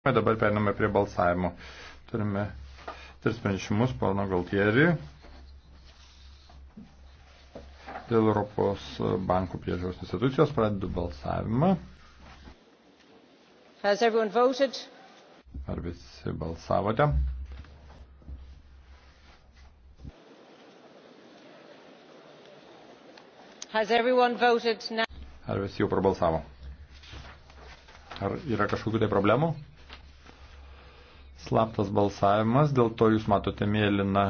Dabar periname prie balsavimo. Turime tris pranešimus, pono Galtieri, dėl Europos bankų priežiūros institucijos pradedu balsavimą. Has everyone voted? Ar visi balsavote? Has everyone voted now? Ar visi jau prabalsavo? Ar yra kažkokių tai problemų? slaptas balsavimas, dėl to jūs matote mėlyną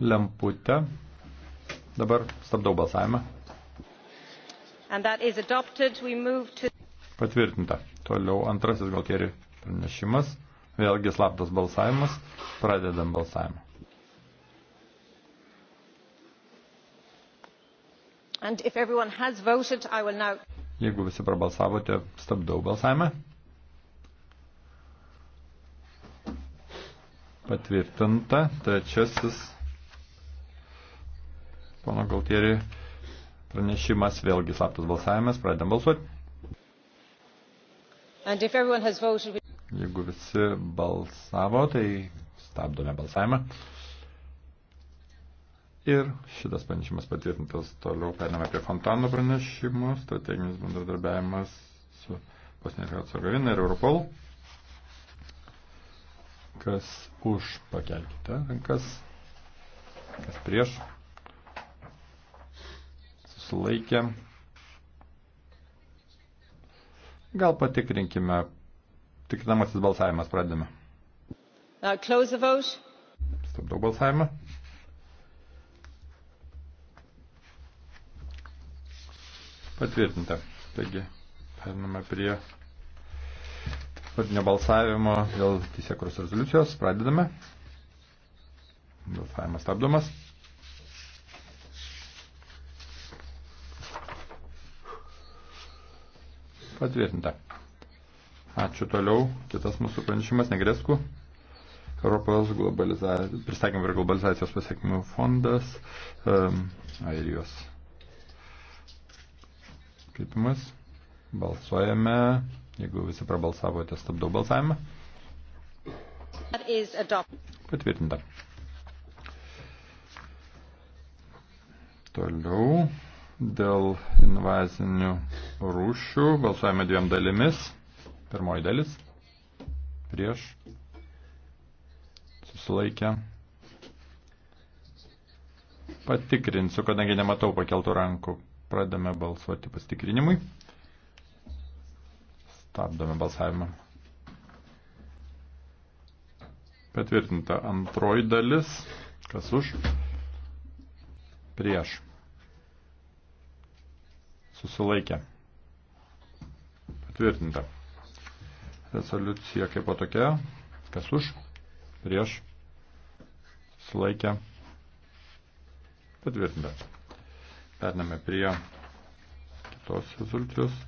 lemputę. Dabar stabdau balsavimą. To... Patvirtinta. Toliau antrasis galtierių pranešimas. Vėlgi slaptas balsavimas. Pradedam balsavimą. Voted, now... Jeigu visi prabalsavote, stabdau balsavimą. patvirtinta. Trečiasis pono Galtieri pranešimas, vėlgi slaptas balsavimas, pradedam balsuoti. Voted... Jeigu visi balsavo, tai stabdome balsavimą. Ir šitas pranešimas patvirtintas toliau, periname prie Fontano pranešimo, strateginis bendradarbiavimas su Bosnijos Hercegovina ir Europolu. Kas už, pakelkite rankas. Kas prieš. Susilaikė. Gal patikrinkime. Tikrinamasis balsavimas pradėme. Uh, Stabdau balsavimą. Patvirtinta. Taigi, periname prie vardinio balsavimo dėl teisėkros rezoliucijos. Pradedame. Balsavimas stabdomas. Patvirtinta. Ačiū toliau. Kitas mūsų pranešimas negrėskų. Europos pristatymo ir globalizacijos pasiekmių fondas um, Airijos. Kreipimas. Balsuojame. Jeigu visi prabalsavote, stabdau balsavimą. Patvirtinta. Toliau dėl invazinių rūšių balsuojame dviem dalimis. Pirmoji dalis prieš susilaikę. Patikrinsiu, kadangi nematau pakeltų rankų. Pradame balsuoti pastikrinimui. Stabdome balsavimą. Patvirtinta antroji dalis. Kas už? Prieš. Susilaikė. Patvirtinta. Resoliucija kaip po tokia. Kas už? Prieš. Susilaikė. Patvirtinta. Pername prie kitos rezoliucijos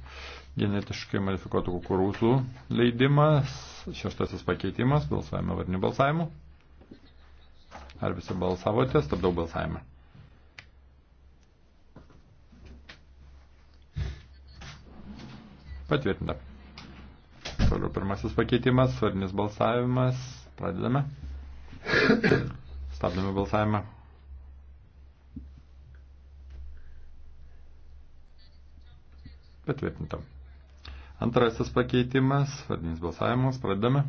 genetiškai modifikuotų kukurūzų leidimas, šeštasis pakeitimas, balsuojame varnių balsavimu. Ar visi balsavote, stabdau balsavimą. Patvirtinta. Toliau pirmasis pakeitimas, svarinis balsavimas. Pradedame. Stabdame balsavimą. Patvirtinta. Antrasis pakeitimas, vardinis balsavimas, pradedame.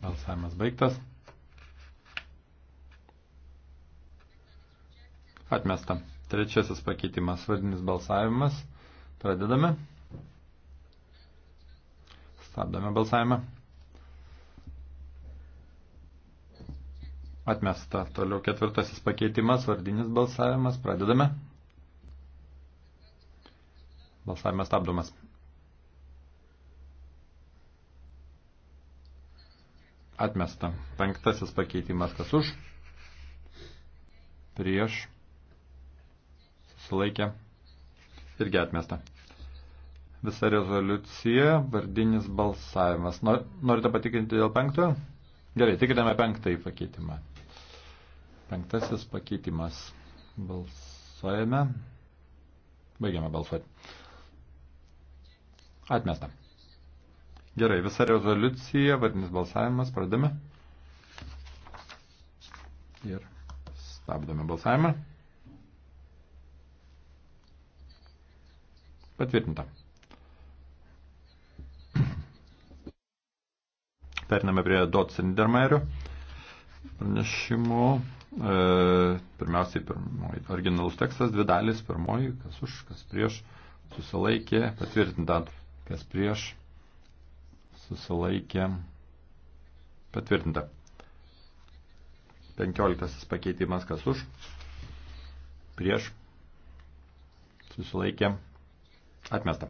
Balsavimas baigtas. Atmesta. Trečiasis pakeitimas, vardinis balsavimas, pradedame. Stabdame balsavimą. Atmesta. Toliau ketvirtasis pakeitimas, vardinis balsavimas, pradedame. Balsavimas stabdomas. Atmesta. Penktasis pakeitimas kas už. Prieš. Susilaikė. Irgi atmesta. Visa rezoliucija, vardinis balsavimas. Nor, norite patikinti dėl penktojo? Gerai, tikriname penktąjį pakeitimą. Penktasis pakeitimas. Balsuojame. Baigiame balsuoti. Atmesta. Gerai, visa rezoliucija, vardinis balsavimas, pradame. Ir stabdome balsavimą. Patvirtinta. Periname prie Dots Niedermayerio pranešimo. E, pirmiausiai, pirmoji, originalus tekstas, dvi dalys, pirmoji, kas už, kas prieš, susilaikė, patvirtinta kas prieš, susilaikė, patvirtinta. 15 pakeitimas, kas už, prieš, susilaikė, atmesta.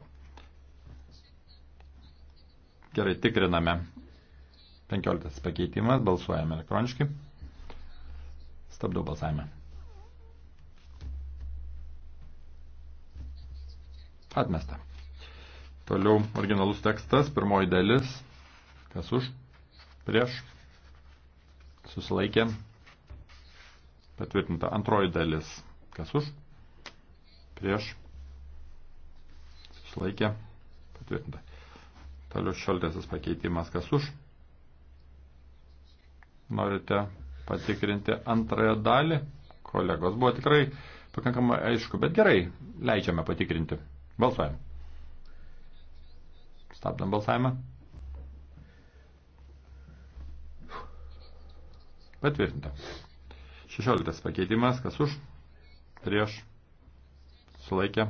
Gerai, tikriname. 15 pakeitimas, balsuojame elektroniškai. Stabdau balsavimą. Atmesta. Toliau originalus tekstas, pirmoji dalis. Kas už? Prieš. Susilaikė. Patvirtinta antroji dalis. Kas už? Prieš. Susilaikė. Patvirtinta. Toliau šaltasis pakeitimas. Kas už? Norite patikrinti antrąją dalį? Kolegos buvo tikrai pakankamai aišku, bet gerai, leidžiame patikrinti. Balsuojame. Stabdom balsavimą. Patvirtinta. 16 pakeitimas, kas už, prieš, sulaikė,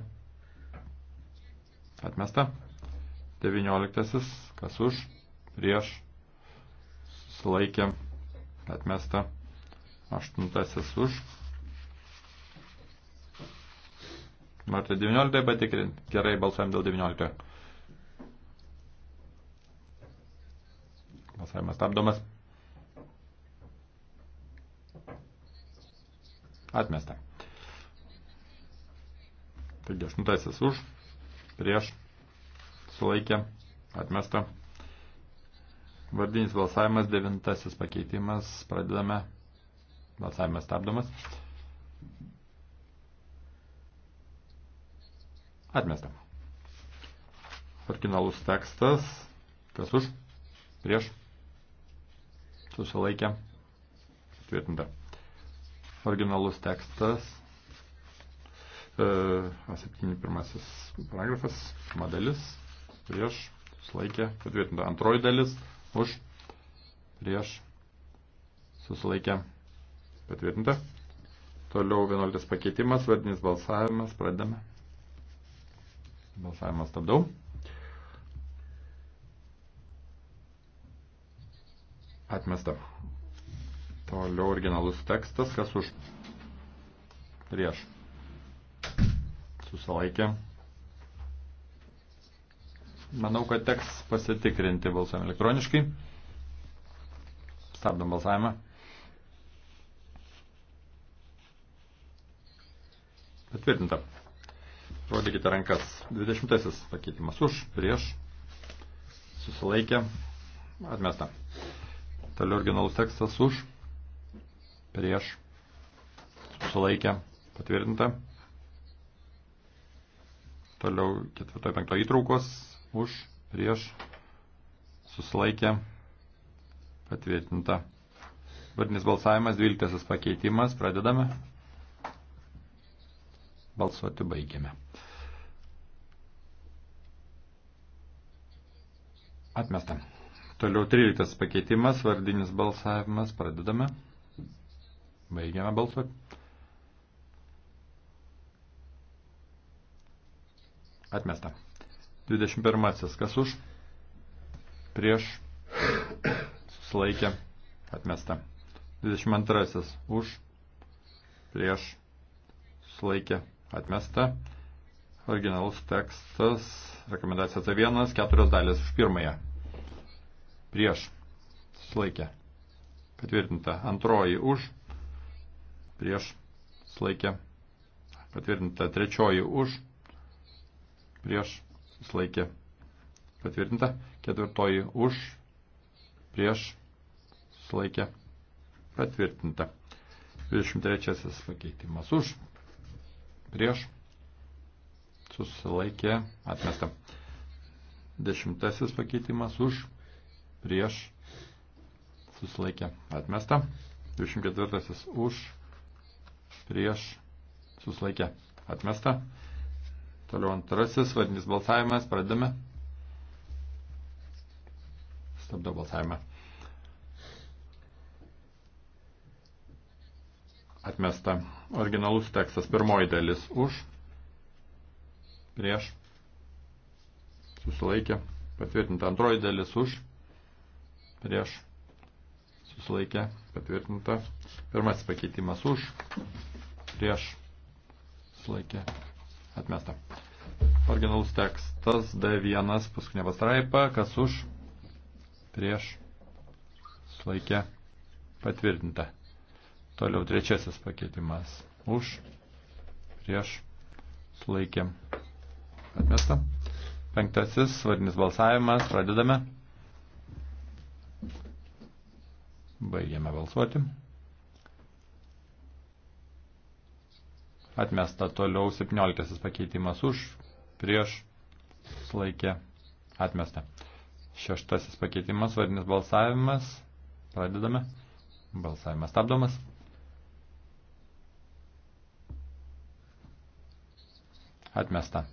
atmesta. 19, kas už, prieš, sulaikė, atmesta. 8 už. Norite 19 patikrinti? Gerai, balsuojam dėl 19. Balsavimas stabdomas. Atmesta. Taigi aštuntasis už, prieš, sulaikė, atmesta. Vardinis balsavimas, devintasis pakeitimas, pradedame. Balsavimas stabdomas. Atmesta. Originalus tekstas, kas už, prieš, susilaikė, tvirtinta. Originalus tekstas, e, A7 pirmasis paragrafas, modelis, prieš, susilaikė, patvirtinta. Antroji dalis, už, prieš, susilaikė, patvirtinta. Toliau 11 pakeitimas, vardinis balsavimas, pradedame. Balsavimas stabdau. Atmesta. Toliau originalus tekstas, kas už prieš. Susilaikė. Manau, kad teks pasitikrinti balsavimą elektroniškai. Stabdom balsavimą. Patvirtinta. Rodykite rankas. 20 pakeitimas už, prieš, susilaikė, atmesta. Toliau originalus tekstas už, prieš, susilaikę, patvirtinta. Toliau ketvirtoje penktoje įtraukos už, prieš, susilaikę, patvirtinta. Vardinis balsavimas, dvyliktasis pakeitimas, pradedame. Balsuoti baigiame. Atmestam. Toliau 13 pakeitimas, vardinis balsavimas, pradedame. Baigiame balsuoti. Atmesta. 21. Kas už? Prieš. Susilaikė. Atmesta. 22. Už. Prieš. Susilaikė. Atmesta. Originalus tekstas. Rekomendacija C1. Keturios dalis už pirmąją prieš, slaikę, patvirtinta. Antroji už, prieš, slaikę, patvirtinta. Trečioji už, prieš, slaikę, patvirtinta. Ketvirtoji už, prieš, slaikę, patvirtinta. 23 pakeitimas už, prieš, susilaikė, atmesta. Dešimtasis pakeitimas už, prieš, susilaikė, atmesta. 24 už, prieš, susilaikė, atmesta. Toliau antrasis vardinis balsavimas, pradame. Stabdo balsavimą. Atmesta. Originalus tekstas, pirmoji dalis už, prieš, susilaikė, patvirtinta antroji dalis už, prieš, susilaikė, patvirtinta. Pirmasis pakeitimas už, prieš, susilaikė, atmesta. Originalus tekstas D1, paskutinė pastraipa, kas už, prieš, susilaikė, patvirtinta. Toliau trečiasis pakeitimas už, prieš, sulaikė. Atmesta. Penktasis, vardinis balsavimas, pradedame. Baigiame balsuoti. Atmesta toliau 17 pakeitimas už, prieš, slaikė, atmesta. Šeštasis pakeitimas, vardinis balsavimas, pradedame, balsavimas stabdomas. Atmesta.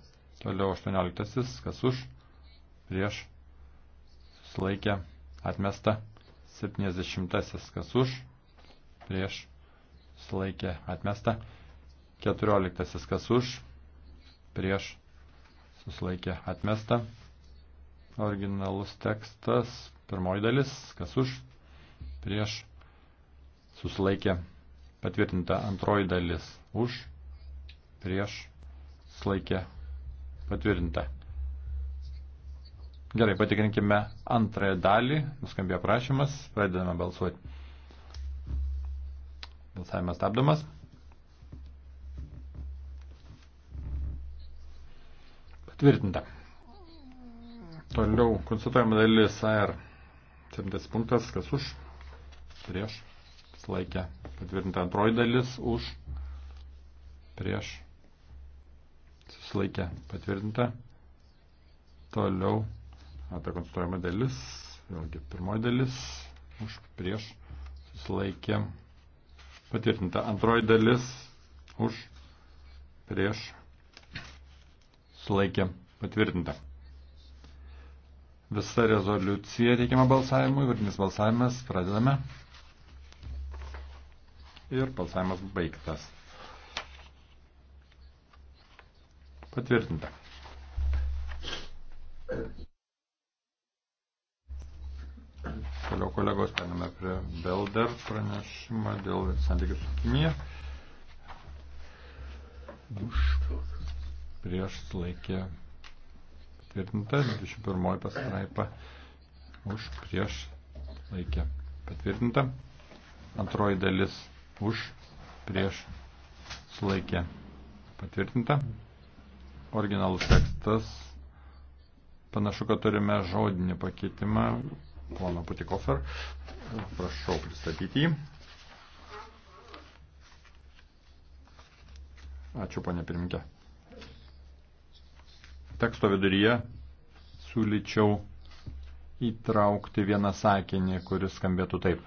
Toliau 18, kas už, prieš, slaikė, atmesta. 70 kas už, prieš, sulaikė, atmesta. 14 kas už, prieš, susilaikė, atmesta. Originalus tekstas, pirmoji dalis, kas už, prieš, susilaikė, patvirtinta antroji dalis, už, prieš, sulaikė, patvirtinta. Gerai, patikrinkime antrąją dalį. Nuskambėjo prašymas. Pradedame balsuoti. Balsavimas stabdomas. Patvirtinta. Toliau konsultuojama dalis AR. 7 punktas, kas už, prieš, laikė. Patvirtinta antroji dalis už, prieš, susilaikė. Patvirtinta. Toliau ta konstatuojama dalis, vėlgi pirmoji dalis, už prieš susilaikė patvirtinta. Antroji dalis už prieš sulaikė patvirtinta. Visa rezoliucija teikiama balsavimui, vardinis balsavimas, pradedame. Ir balsavimas baigtas. Patvirtinta. kolegos, perėmėme prie Belder pranešimą dėl santykių su Kinija. Už prieš laikė patvirtinta, 21 pastraipa už prieš laikė patvirtinta, antroji dalis už prieš laikė patvirtinta, originalus tekstas panašu, kad turime žodinį pakeitimą pono Putikofer. Prašau pristatyti jį. Ačiū, ponė pirminkė. Teksto viduryje siūlyčiau įtraukti vieną sakinį, kuris skambėtų taip.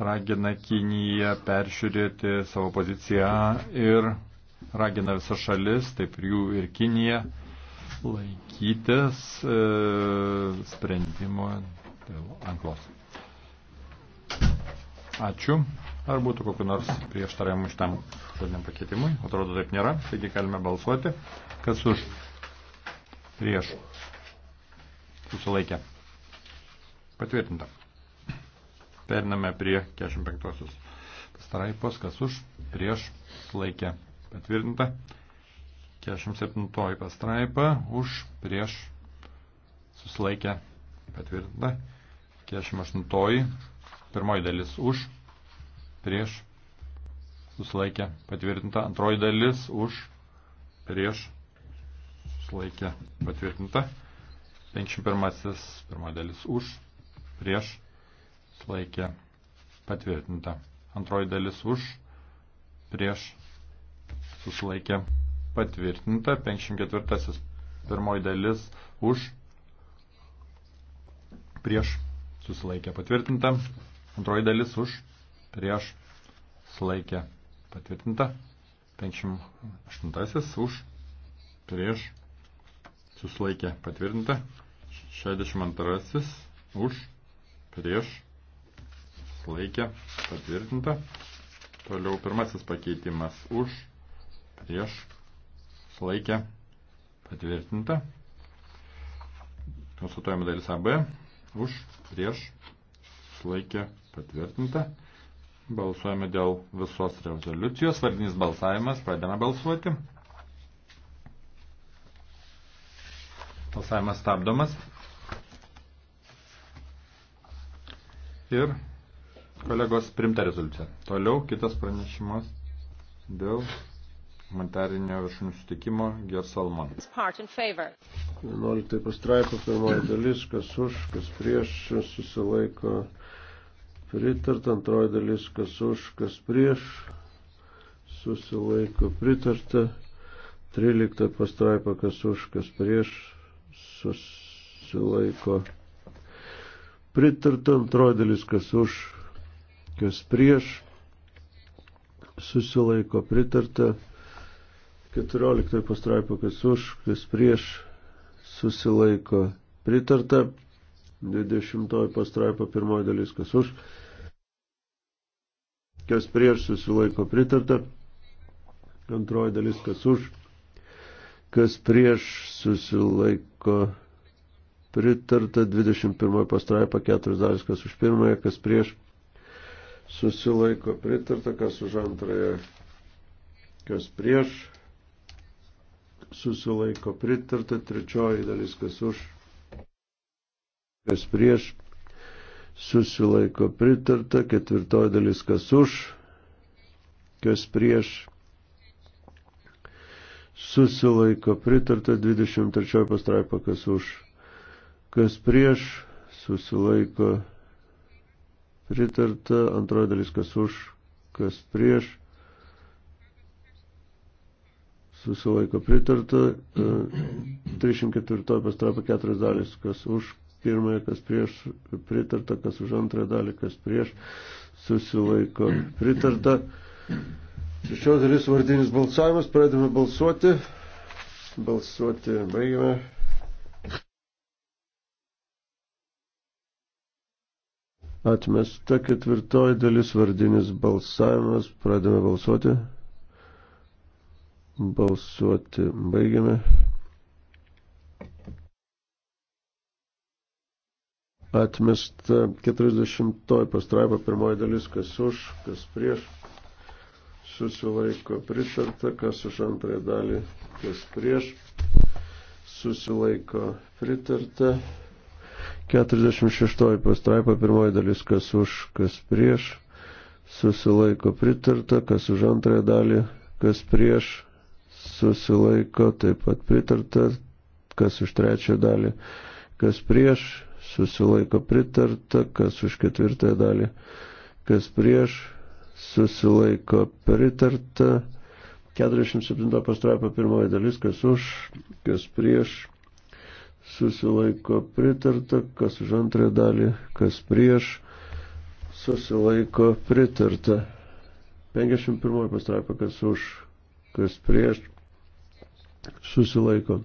Ragina Kiniją peržiūrėti savo poziciją ir ragina visas šalis, taip ir jų ir Kiniją, laikytis e, sprendimo dėl anklos. Ačiū. Ar būtų kokiu nors prieštaravimu šitam žodiniam pakeitimui? Atrodo, taip nėra. Taigi galime balsuoti. Kas už? Prieš. Susilaikė. Patvirtinta. Periname prie 45 pastaraipos. Kas už? Prieš. Susilaikė. Patvirtinta. 47 pastraipa už prieš susilaikę patvirtinta. 48 pirmoji dalis už prieš susilaikę patvirtinta. Antroji dalis už prieš susilaikę patvirtinta. 51 pirmoji dalis už prieš susilaikę patvirtinta. Antroji dalis už prieš susilaikę patvirtinta patvirtinta, 54 pirmoji dalis už, prieš, susilaikė patvirtinta, antroji dalis už, prieš, susilaikė patvirtinta, 58 už, prieš, susilaikė patvirtinta, 62 už, prieš, susilaikė patvirtinta, toliau pirmasis pakeitimas už, prieš, susilaikė, patvirtinta. Konsultuojama dalis AB, už, prieš, susilaikė, patvirtinta. Balsuojame dėl visos rezoliucijos, vardinis balsavimas, pradėme balsuoti. Balsavimas stabdomas. Ir kolegos primta rezoliucija. Toliau kitas pranešimas dėl humanitarinio viršūnių sutikimo Gersalman. 11 pastraipo pirmoji dalis, kas už, kas prieš, susilaiko pritart, antroji dalis, kas už, kas prieš, susilaiko pritarta, 13 pastraipo, kas už, kas prieš, susilaiko pritarta, antroji dalis, kas už, kas prieš, susilaiko pritarta. 14 pastraipo, kas už, kas prieš, susilaiko pritarta. 20 pastraipo, pirmoji dalis, kas už, kas prieš, susilaiko pritarta. Antroji dalis, kas už, kas prieš, susilaiko pritarta. 21 pastraipo, 4 dalis, kas už pirmąją, kas prieš, susilaiko pritarta, kas už antrąją, kas prieš susilaiko pritarta, trečioji dalis kas už, kas prieš, susilaiko pritarta, ketvirtoji dalis kas už, kas prieš, susilaiko pritarta, 23 pastraipa kas už, kas prieš, susilaiko pritarta, antroji dalis kas už, kas prieš, susilaiko pritarta, 304 pastrapa 4 dalis, kas už pirmąją, kas prieš pritarta, kas už antrąją dalį, kas prieš susilaiko pritarta. Šios dalis vardinis balsavimas, pradėme balsuoti, balsuoti baigime. Atmesta ketvirtoji dalis vardinis balsavimas, pradėme balsuoti. Balsuoti baigiame. Atmesta 40 pastraipa pirmoji dalis, kas už, kas prieš. Susilaiko pritarta, kas už antrąją dalį, kas prieš. Susilaiko pritarta. 46 pastraipa pirmoji dalis, kas už, kas prieš susilaiko pritarta, kas už antrąją dalį, kas prieš, susilaiko, taip pat pritarta, kas už trečią dalį, kas prieš, susilaiko pritarta, kas už ketvirtąją dalį, kas prieš, susilaiko pritarta, 47 pastraipa pirmoji dalis, kas už, kas prieš, susilaiko pritarta, kas už antrąją dalį, kas prieš, susilaiko pritarta. 51 pastraipa, kas už, kas prieš susilaiko.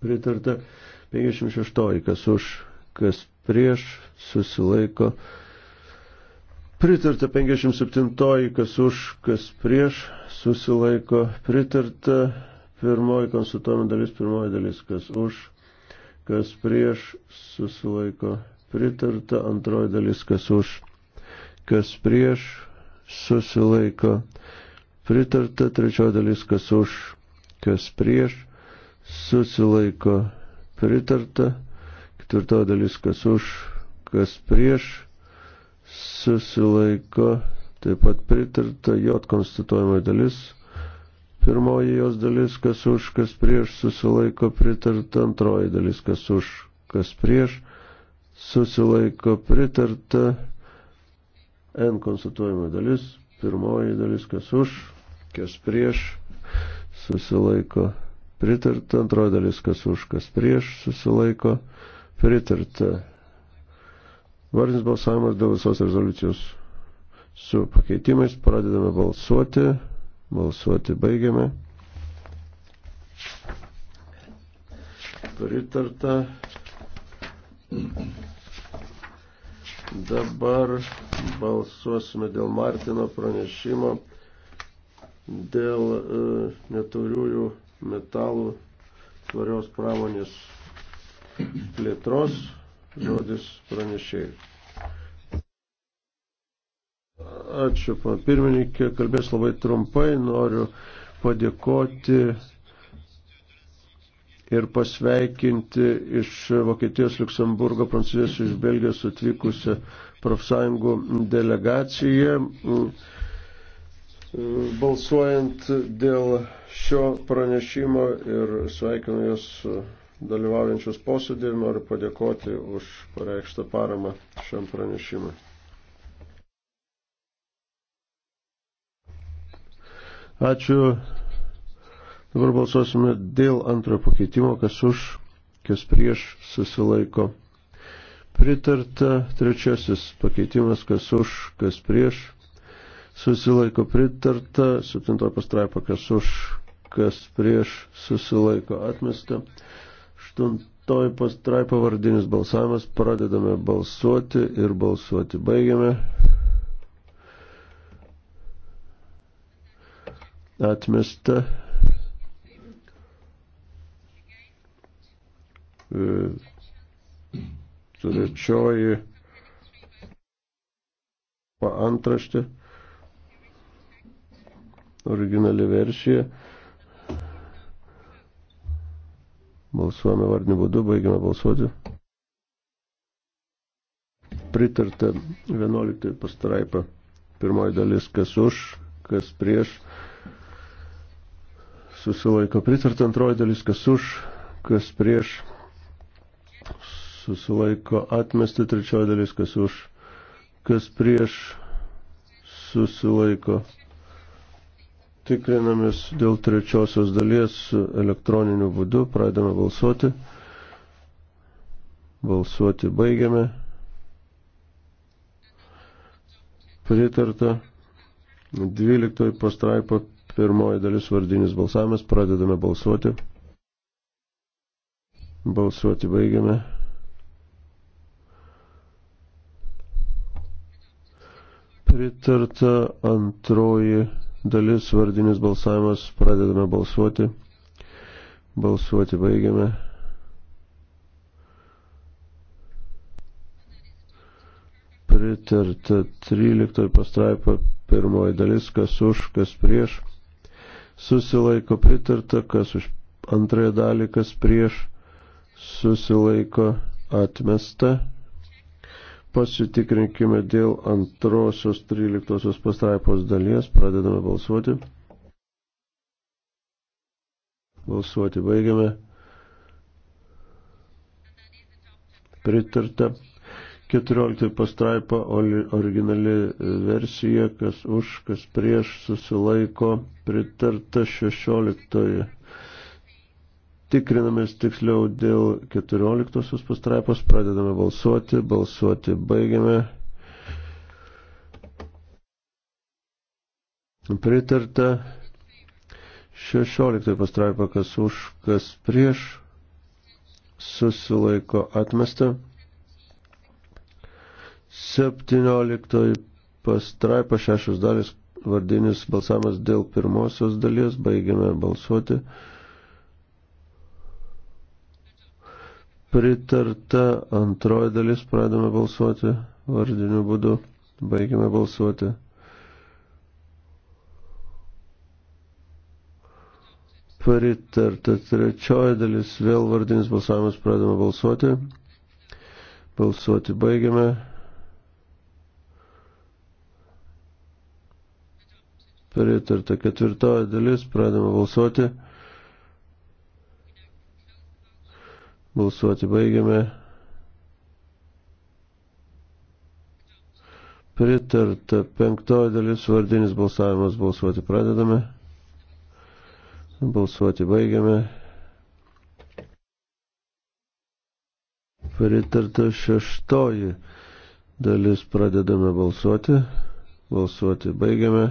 Pritarta 56, kas už, kas prieš susilaiko. Pritarta 57, kas už, kas prieš susilaiko. Pritarta pirmoji konsultuojama dalis, pirmoji dalis, kas už, kas prieš susilaiko. Pritarta antroji dalis, kas už, kas prieš susilaiko pritarta, trečioji dalis kas už, kas prieš, susilaiko pritarta, ketvirtoji dalis kas už, kas prieš, susilaiko taip pat pritarta, jo konstatuojamoji dalis. Pirmoji jos dalis, kas už, kas prieš, susilaiko pritarta, antroji dalis, kas už, kas prieš, susilaiko pritarta, N konstatuojama dalis, pirmoji dalis, kas už, kas prieš, susilaiko pritarta, antroji dalis, kas už, kas prieš, susilaiko pritarta. Vardinis balsavimas dėl visos rezoliucijos su pakeitimais, pradedame balsuoti, balsuoti baigiame. Pritarta. Dabar balsuosime dėl Martino pranešimo dėl e, netauriųjų metalų tvarios pramonės plėtros žodis pranešėjai. Ačiū, pan pirmininkė, kalbės labai trumpai, noriu padėkoti ir pasveikinti iš Vokietijos, Luksemburgo, Prancūzijos, iš Belgijos atvykusią profsąjungų delegaciją balsuojant dėl šio pranešimo ir sveikinu Jūs dalyvaujančius posėdį ir noriu padėkoti už pareikštą paramą šiam pranešimui. Ačiū. Dabar balsuosime dėl antrojo pakeitimo, kas už, kas prieš susilaiko. Pritarta trečiasis pakeitimas, kas už, kas prieš susilaiko pritarta, 7 pastraipa, kas už, kas prieš, susilaiko atmesta, 8 pastraipa vardinis balsavimas, pradedame balsuoti ir balsuoti baigiame. Atmesta. E, trečioji paantraštė. E, originali versija. Balsuojame vardiniu būdu, baigiame balsuoti. Pritarta 11 pastraipa. Pirmoji dalis, kas už, kas prieš. Susilaiko pritarta antroji dalis, kas už, kas prieš. Susilaiko atmesti trečioji dalis, kas už, kas prieš. Susilaiko Tikrinamės dėl trečiosios dalies elektroniniu būdu, pradame balsuoti. Balsuoti baigiame. Pritarta. 12 pastraipa pirmoji dalis vardinis balsavimas. Pradedame balsuoti. Balsuoti baigiame. Pritarta antroji dalis, vardinis balsavimas, pradedame balsuoti. Balsuoti baigiame. Pritarta 13 pastraipa pirmoji dalis, kas už, kas prieš. Susilaiko pritarta, kas už antrąją dalį, kas prieš. Susilaiko atmesta. Pasitikrinkime dėl antrosios 13 pastraipos dalies. Pradedame balsuoti. Balsuoti baigiame. Pritarta. 14 pastraipa originali versija, kas už, kas prieš susilaiko. Pritarta 16 tikrinamės tiksliau dėl 14 pastraipos, pradedame balsuoti, balsuoti baigiame. Pritarta 16 pastraipa, kas už, kas prieš, susilaiko atmesta. 17 pastraipa, šešios dalis, vardinis balsavimas dėl pirmosios dalies, baigiame balsuoti. pritarta, antroji dalis pradame balsuoti vardiniu būdu, baigime balsuoti. Pritarta, trečioji dalis vėl vardinis balsavimas pradame balsuoti, balsuoti baigiame. Pritarta, ketvirtoji dalis pradame balsuoti. Balsuoti baigiame. Pritarta penktoji dalis vardinis balsavimas. Balsuoti pradedame. Balsuoti baigiame. Pritarta šeštoji dalis pradedame balsuoti. Balsuoti baigiame.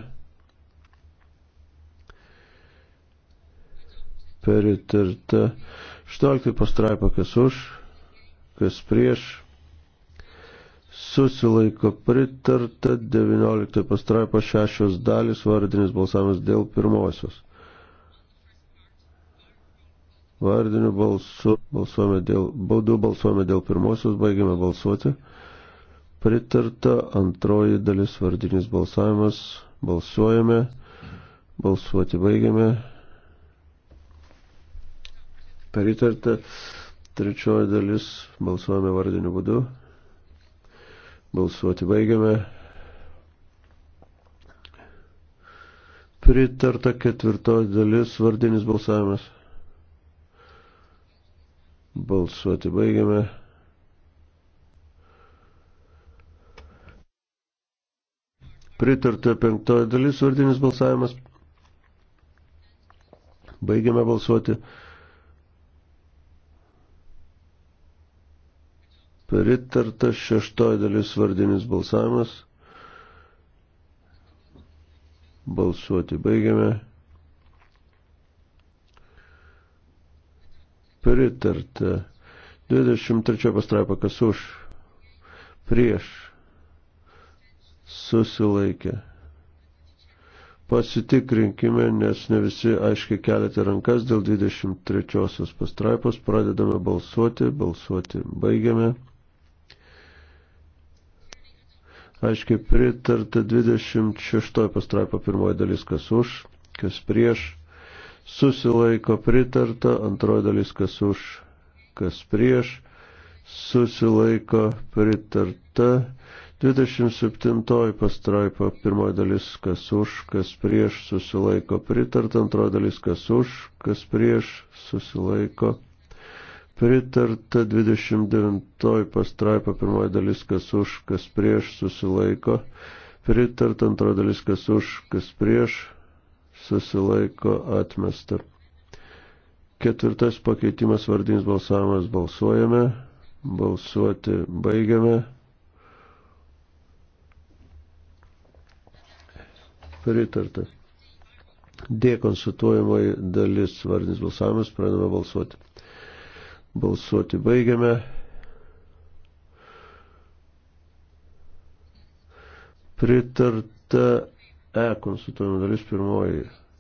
Pritarta 16 pastraipa, kas už, kas prieš, susilaiko pritarta, 19 pastraipa, šešios dalis, vardinis balsavimas dėl pirmosios. Vardiniu balsu balsuojame dėl, baudu balsuojame dėl pirmosios, baigiame balsuoti. Pritarta antroji dalis vardinis balsavimas. Balsuojame. Balsuoti baigiame. Peritarta. Trečioji dalis. Balsuojame vardiniu būdu. Balsuoti baigiame. Pritarta ketvirtoji dalis. Vardinis balsavimas. Balsuoti baigiame. Pritarta penktoji dalis, vardinis balsavimas. Baigiame balsuoti. Pritarta šeštoji dalis vardinis balsavimas. Balsuoti baigiame. Pritarta. 23 pastraipa, kas už, prieš, susilaikė. Pasitikrinkime, nes ne visi aiškiai keliate rankas dėl 23 pastraipos. Pradedame balsuoti, balsuoti baigiame. aiškiai pritarta 26 pastraipo pirmoji dalis, kas už, kas prieš, susilaiko pritarta, antroji dalis, kas už, kas prieš, susilaiko pritarta, 27 pastraipo pirmoji dalis, kas už, kas prieš, susilaiko pritarta, antroji dalis, kas už, kas prieš, susilaiko pritarta Pritarta 29 pastraipa pirmoji dalis, kas už, kas prieš susilaiko. Pritarta antroji dalis, kas už, kas prieš susilaiko atmesta. Ketvirtas pakeitimas vardinis balsavimas balsuojame. Balsuoti baigiame. Pritarta. D konsultuojamoji dalis vardinis balsavimas, pradame balsuoti. Balsuoti baigiame. Pritarta E konsultuojama dalis pirmoji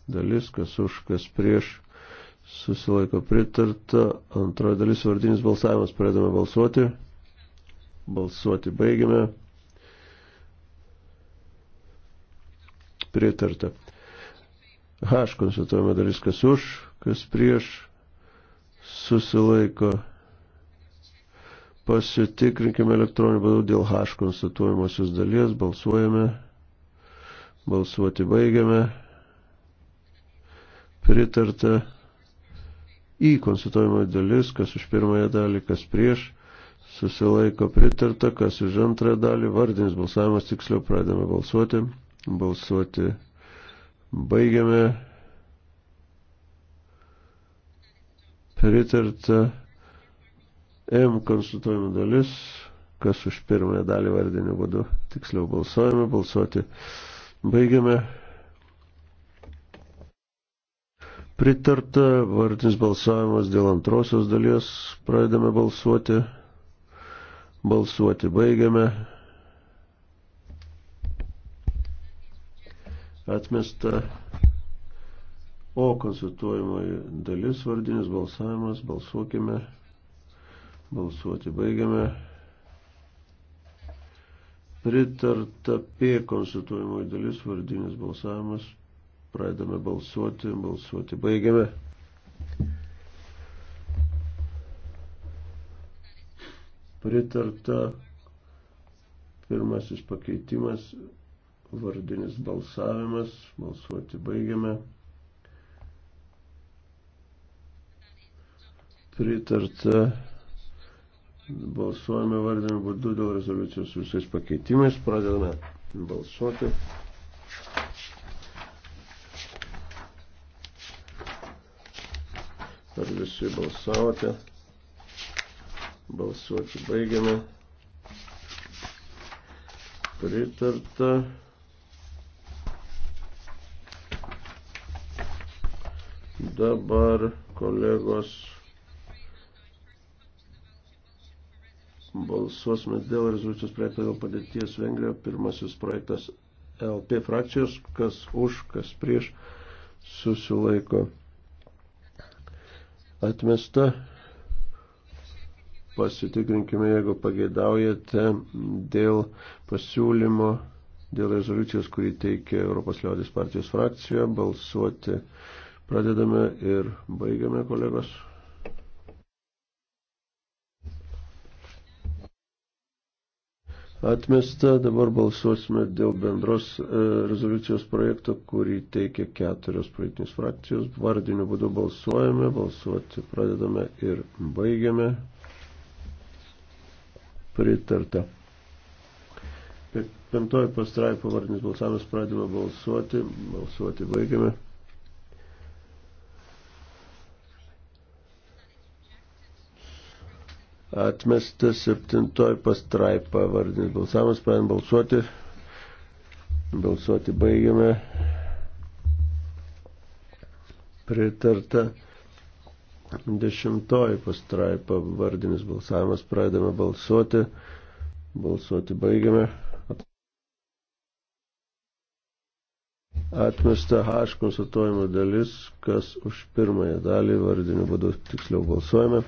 dalis, kas už, kas prieš susilaiko pritarta. Antroji dalis vardinis balsavimas, pradedame balsuoti. Balsuoti baigiame. Pritarta. H konsultuojama dalis, kas už, kas prieš susilaiko. Pasitikrinkime elektroniniu būdu dėl H konstatuojamosios dalies. Balsuojame. Balsuoti baigiame. Pritarta į konstatuojamą dalis, kas už pirmąją dalį, kas prieš. Susilaiko pritarta, kas už antrąją dalį. Vardinis balsavimas tiksliau pradėme balsuoti. Balsuoti baigiame. pritarta M konsultuojama dalis, kas už pirmąją dalį vardinių būdų tiksliau balsuojame, balsuoti baigiame. Pritarta vardinis balsavimas dėl antrosios dalies, pradedame balsuoti, balsuoti baigiame. Atmesta O konsultuojamoji dalis vardinis balsavimas, balsuokime, balsuoti baigiame. Pritarta P konsultuojamoji dalis vardinis balsavimas, pradedame balsuoti, balsuoti baigiame. Pritarta pirmasis pakeitimas, vardinis balsavimas, balsuoti baigiame. pritarta. Balsuojame vardiniu būdu dėl rezoliucijos visais pakeitimais. Pradedame balsuoti. Ar visi balsavote? Balsuoti baigiame. Pritarta. Dabar kolegos Balsuosime dėl rezoliucijos projekto dėl padėties Vengrijoje. Pirmasis projektas LP frakcijos, kas už, kas prieš, susilaiko. Atmesta. Pasitikrinkime, jeigu pageidaujate, dėl pasiūlymo, dėl rezoliucijos, kurį teikia Europos liaudės partijos frakcija. Balsuoti pradedame ir baigiame, kolegos. atmesta. Dabar balsuosime dėl bendros e, rezoliucijos projekto, kurį teikia keturios praeitinės frakcijos. Vardiniu būdu balsuojame, balsuoti pradedame ir baigiame. Pritarta. Penktoji pastraipa vardinis balsavimas pradėjome balsuoti, balsuoti baigiame. Atmestas septintoj pastraipa vardinis balsavimas, pradėm balsuoti. Balsuoti baigiame. Pritarta dešimtoji pastraipa vardinis balsavimas, pradėme balsuoti. Balsuoti baigiame. atmesta H konstatuojama dalis, kas už pirmąją dalį vardinių būdų tiksliau balsuojame.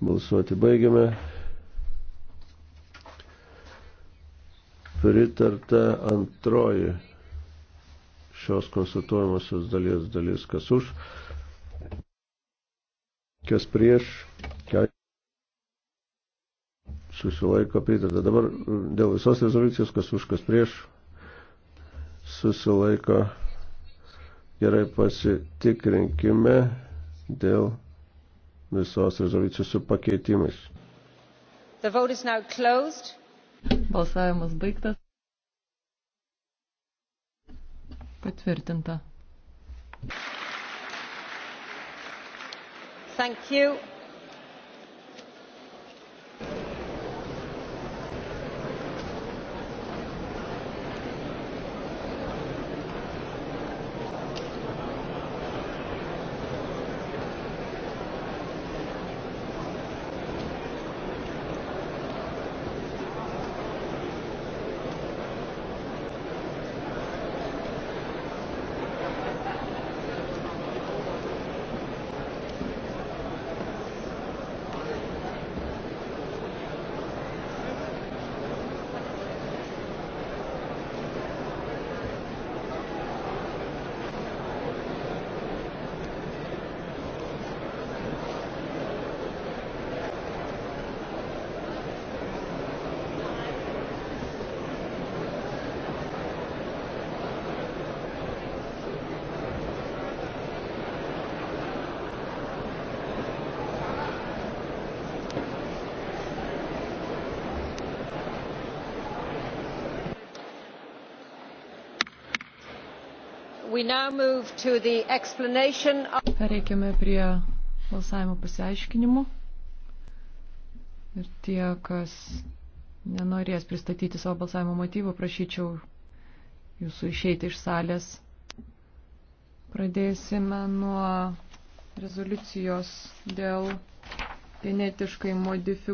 Balsuoti baigiame. Pritarta antroji šios konstatuojamosios dalies dalis, kas už, kas prieš, kas susilaiko pritarta. Dabar mm, dėl visos rezoliucijos, kas už, kas prieš, susilaiko gerai pasitikrinkime dėl visos rezoliucijos su pakeitimais. Balsavimas baigtas. Patvirtinta. Thank you. Pereikime prie balsavimo pasiaiškinimų. Ir tie, kas nenorės pristatyti savo balsavimo motyvų, prašyčiau jūsų išeiti iš salės. Pradėsime nuo rezoliucijos dėl genetiškai modifikuotų.